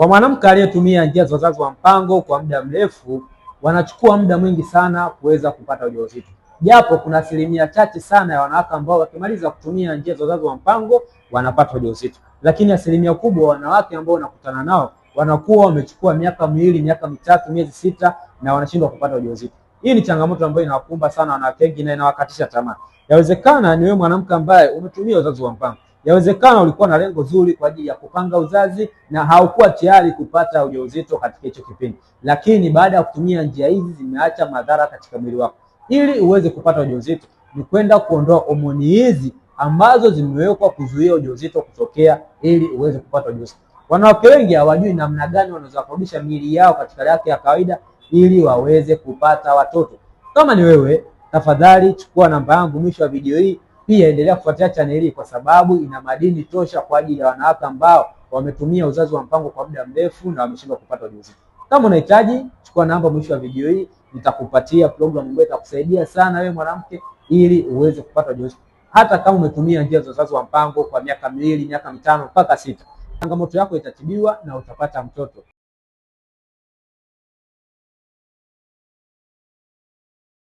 Kwa mwanamke aliyetumia njia za uzazi wa mpango kwa muda mrefu, wanachukua muda mwingi sana kuweza kupata ujauzito, japo kuna asilimia chache sana ya wanawake ambao wakimaliza kutumia njia za uzazi wa mpango wanapata ujauzito, lakini asilimia kubwa wanawake ambao wanakutana nao wanakuwa wamechukua miaka miwili, miaka mitatu, miezi sita na wanashindwa kupata ujauzito. Hii ni changamoto ambayo inawakumba sana wanawake wengi na inawakatisha tamaa. Yawezekana ni wewe mwanamke ambaye umetumia uzazi wa mpango Yawezekana ulikuwa na lengo zuri kwa ajili ya kupanga uzazi na haukuwa tayari kupata ujauzito katika hicho kipindi, lakini baada ya kutumia njia hizi zimeacha madhara katika mwili wako. Ili uweze kupata ujauzito ni kwenda kuondoa homoni hizi ambazo zimewekwa kuzuia ujauzito kutokea, ili uweze kupata ujauzito. Wanawake wengi hawajui namna gani wanaweza kurudisha miili yao katika hali yake ya kawaida ili waweze kupata watoto. Kama ni wewe, tafadhali chukua namba yangu mwisho wa video hii pia endelea kufuatilia chaneli hii kwa sababu ina madini tosha kwa ajili ya wanawake ambao wametumia uzazi wa mpango kwa muda mrefu na wameshindwa kupata ujauzito. Kama unahitaji, chukua namba mwisho wa video hii, nitakupatia program ambayo itakusaidia sana wewe mwanamke, ili uweze kupata ujauzito hata kama umetumia njia za uzazi wa mpango kwa miaka miwili, miaka mitano mpaka sita. Changamoto yako itatibiwa na utapata mtoto.